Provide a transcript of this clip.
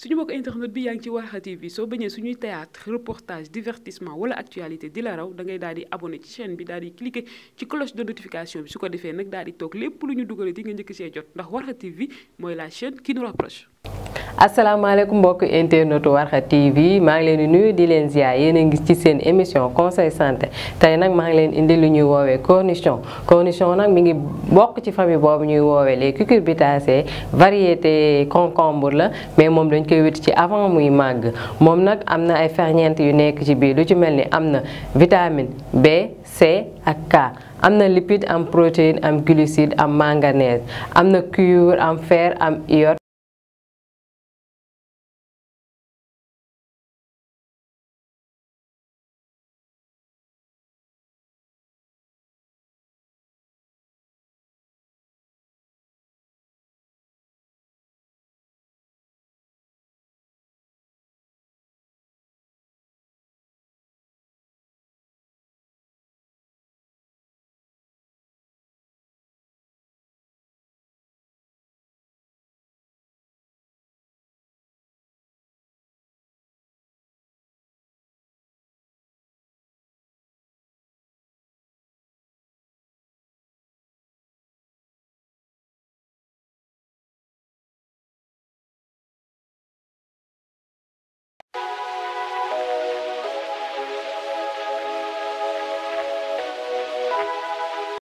suñu mbokk internet bi yaa ngi ci Warkha TV soo bañee suñuy théâtre reportage divertissement wala actualité di la raw da ngay daal di abonné ci chaîne bi daal di cliquer ci cloche de notification bi su ko defee nag daal di toog lépp lu ñu dugalee di nga njëkk see jot ndax Warkha TV mooy la chaîne qui nous rapproche asalaamaaleykum mbokk internetu Warkha TV maa ngi leen di nuyu di leen ziar yéen a ngi ci seen émission conseil santé tey nag maa ngi leen indi lu ñuy woowe cornichon cornichon nag mi ngi bokk ci famille boobu ñuy woowee les cucurbitacées variété concombre la mais moom dañ koy wut ci avant muy màgg moom nag am na ay ferñeent yu nekk ci biir lu ci mel ni am na vitamine B C ak K am na lipide am protéine am glucide am manganèse am na cuivre am fer am iode